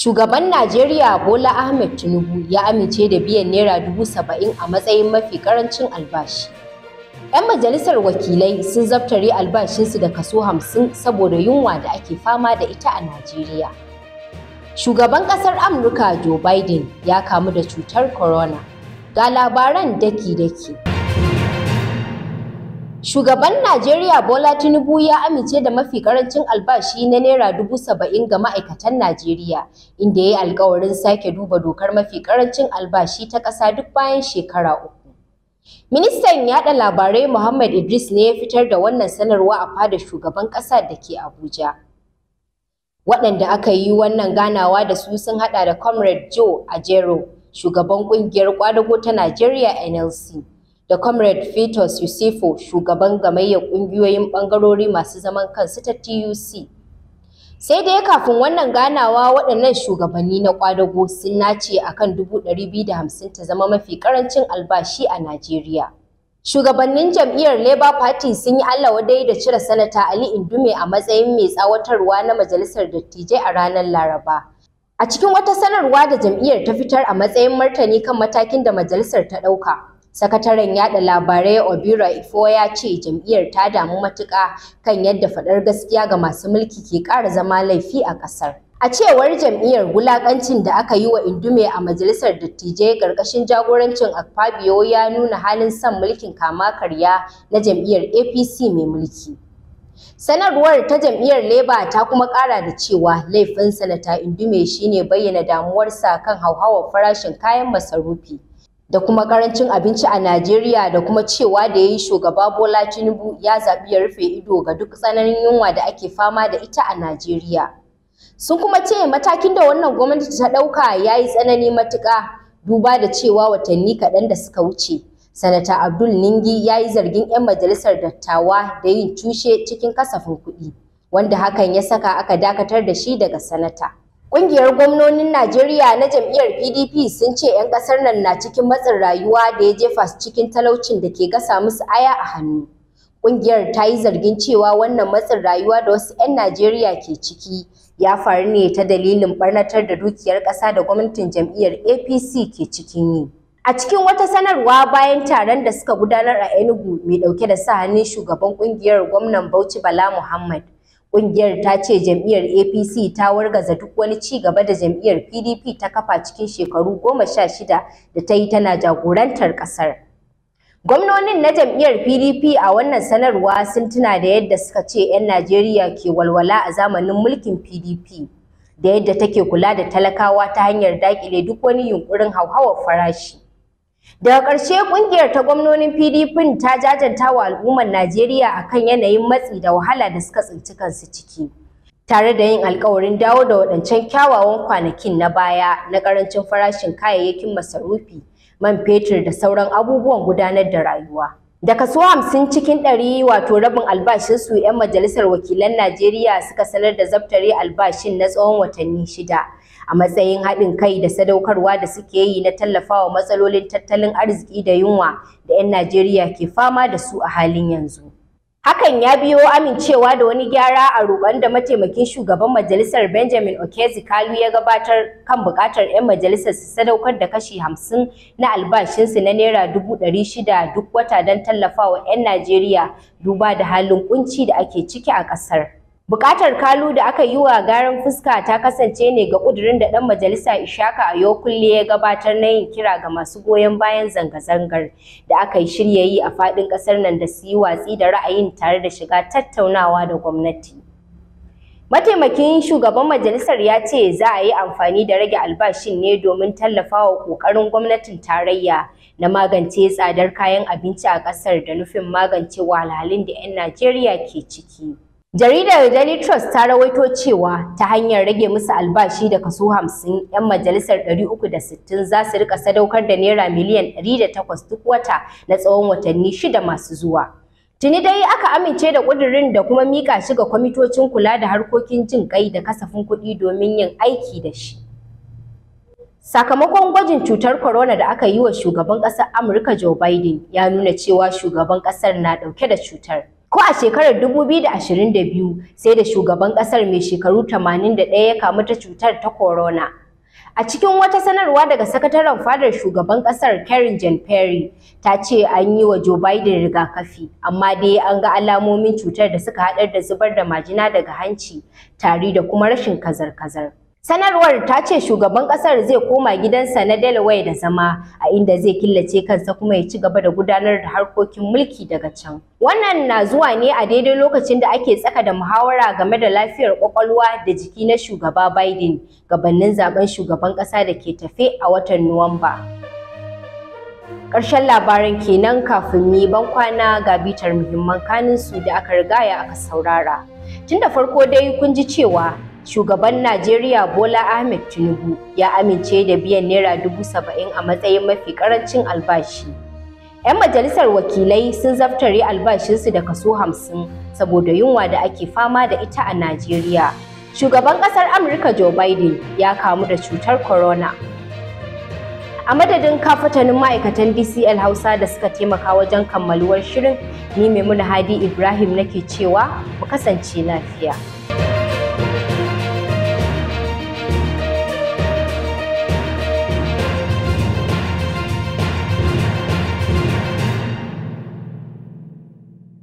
Shugaban Najeriya Bola Ahmed Tinubu ya amince da biyan Naira dubu saba'in a matsayin mafi karancin albashi. 'Yan majalisar wakilai sun zaftare albashinsu da kaso hamsin saboda yunwa da ake fama da ita a Najeriya. Shugaban ƙasar Amurka Joe Biden ya kamu da cutar corona. Ga labaran daki-daki. Shugaban Najeriya Bola Tinubu ya amince da mafi karancin albashi na Naira dubu saba'in ga ma'aikatan Najeriya, inda ya yi alkawarin sake duba dokar mafi karancin albashi ta ƙasa duk bayan shekara uku. Ministan yaɗa labarai Muhammad Idris ne ya fitar da wannan sanarwa a fada shugaban ƙasa da ke Abuja. Waɗanda aka yi wannan ganawa da su sun haɗa da Comrade Joe Ajero, shugaban ƙungiyar ƙwadago ta Najeriya NLC. da comrade fetus yusufu shugaban gamayyar ƙungiyoyin ɓangarori masu zaman kansu ta tuc sai dai kafin wannan ganawa waɗannan shugabanni na kwadago sun nace akan dubu ɗari biyu da hamsin ta zama mafi ƙarancin albashi a najeriya Shugabannin jam'iyyar Labour Party sun yi Allah wadai da cire Sanata Ali Indume a matsayin mai tsawatarwa na Majalisar Dattijai a ranar Laraba. A cikin wata sanarwa da jam'iyyar ta fitar a matsayin martani kan matakin da majalisar ta ɗauka, Sakataren Yaɗa labarai Obira Ifo ya ce jam'iyyar ta damu matuƙa kan yadda faɗar gaskiya ga masu mulki ke ƙara zama laifi a ƙasar. A cewar jam'iyyar wulaƙancin da aka yi wa Indume a majalisar dattijai ƙarƙashin jagorancin Akpabio ya nuna halin son mulkin kama karya na jam'iyyar APC mai mulki. Sanarwar ta jam'iyyar Leba ta kuma ƙara da cewa laifin sanata Indume shine bayyana damuwarsa kan hauhawar farashin kayan masarufi. da kuma karancin abinci a Najeriya da kuma cewa da yayi shugaba Bola Tinubu ya zaɓi ya rufe ido ga duk tsananin yunwa da ake fama da ita a Najeriya. Sun kuma ce matakin da wannan gwamnati ta ɗauka ya yi tsanani matuƙa duba da cewa watanni kaɗan da suka wuce. Sanata Abdul Ningi ya yi zargin 'yan majalisar dattawa da yin cushe cikin kasafin kuɗi, wanda hakan ya saka aka dakatar da shi daga sanata. Ƙungiyar gwamnonin Najeriya na jam'iyyar PDP sun ce 'yan ƙasar nan na cikin matsin rayuwa da ya jefa su cikin talaucin da ke gasa musu aya a hannu. Ƙungiyar ta yi zargin cewa wannan matsin rayuwa da wasu 'yan Najeriya ke ciki ya faru ne ta dalilin ɓarnatar da dukiyar ƙasa da gwamnatin jam'iyyar APC ke cikin yi. A cikin wata sanarwa bayan taron da suka gudanar a Enugu mai dauke da sa hannun shugaban ƙungiyar gwamnan Bauchi Bala Muhammad, Ƙungiyar ta ce jam'iyyar APC ta wargaza duk wani ci gaba da jam'iyyar PDP ta kafa cikin shekaru goma sha shida da ta yi tana jagorantar ƙasar. Gwamnonin na jam'iyyar PDP a wannan sanarwa sun tuna da yadda suka ce 'yan Najeriya ke walwala a zamanin mulkin PDP da yadda take kula da talakawa ta hanyar daƙile duk wani yunƙurin hauhawar farashi. Daga ƙarshe ƙungiyar ta gwamnonin PDP ta jajanta wa al'ummar Najeriya akan yanayin matsi da wahala da suka tsinci kansu ciki. Tare da yin alkawarin dawo da waɗancan kyawawan kwanakin na baya na ƙarancin farashin kayayyakin masarufi, man fetur da sauran abubuwan gudanar da rayuwa. da kaso hamsin cikin ɗari wato rabin albashin su 'yan majalisar wakilan najeriya suka sanar da zabtare albashin na tsawon watanni shida a matsayin haɗin kai da sadaukarwa da suke yi na tallafawa matsalolin tattalin arziki da yunwa da 'yan najeriya ke fama da su a halin yanzu Hakan ya biyo amincewa da wani gyara a roƙon da mataimakin shugaban majalisar Benjamin Okezi-Kalu ya gabatar kan buƙatar 'yan majalisar su sadaukar da kashi hamsin na albashinsu na Naira dubu ɗari shida duk wata don tallafawa 'yan Najeriya duba da halin kunci da ake ciki a ƙasar. Bukatar kalu da aka yi wa garin fuska ta kasance ne ga kudirin da dan majalisa Ishaka a yokulle ya gabatar na yin kira ga masu goyon bayan zanga-zangar da aka yi shirya yi a fadin kasar nan da su yi watsi da ra'ayin tare da shiga tattaunawa da gwamnati. Mataimakin shugaban majalisar ya ce za a yi amfani da rage albashin ne domin tallafawa kokarin gwamnatin tarayya na magance tsadar kayan abinci a kasar da nufin magance wahalhalun da 'yan Najeriya ke ciki. Jaridar Daily Trust ta rawaito cewa ta hanyar rage musu albashi da kaso 50 'yan majalisar 360 za su rika sadaukar da naira miliyan 108 duk wata na tsawon watanni shida masu zuwa. Tuni dai aka amince da ƙudurin da kuma mika shi ga kwamitocin kula da harkokin jin kai da kasafin kuɗi domin yin aiki da shi. Sakamakon gwajin cutar corona da aka yi wa shugaban ƙasar Amurka Joe Biden ya nuna cewa shugaban ƙasar na ɗauke da cutar. Ko a shekarar 2022 sai da shugaban ƙasar mai shekaru 81 ya kamu ta cutar ta corona. A cikin wata sanarwa daga sakataren fadar shugaban ƙasar, Karen Jan Perry ta ce an yi wa Joe Biden rigakafi, amma dai an ga alamomin cutar da suka haɗar da zubar da majina daga hanci, tari da kuma rashin kazar-kazar. Sanarwar ta ce shugaban ƙasar zai koma gidansa na Delaware da zama a inda zai killace kansa kuma ya ci gaba da gudanar da harkokin mulki daga can. Wannan na zuwa ne a daidai lokacin da ake tsaka da muhawara game da lafiyar kwakwalwa da jiki na shugaba Biden gabanin zaben shugaban ƙasa da ke tafe a watan Nuwamba. Ƙarshen labarin kenan kafin mu ban kwana ga bitar muhimman kanin su da aka rigaya aka saurara. Tun da farko dai kun ji cewa shugaban Najeriya Bola Ahmed Tinubu ya amince da biyan Naira dubu saba'in a matsayin mafi ƙarancin albashi. 'Yan majalisar wakilai sun zaftare albashinsu da kaso hamsin saboda yunwa da ake fama da ita a Najeriya. Shugaban ƙasar Amurka Joe Biden ya kamu da cutar corona. A madadin kafatanin ma'aikatan DCL Hausa da suka taimaka wajen kammaluwar shirin, ni Maimuna Hadi Ibrahim nake cewa mu kasance lafiya.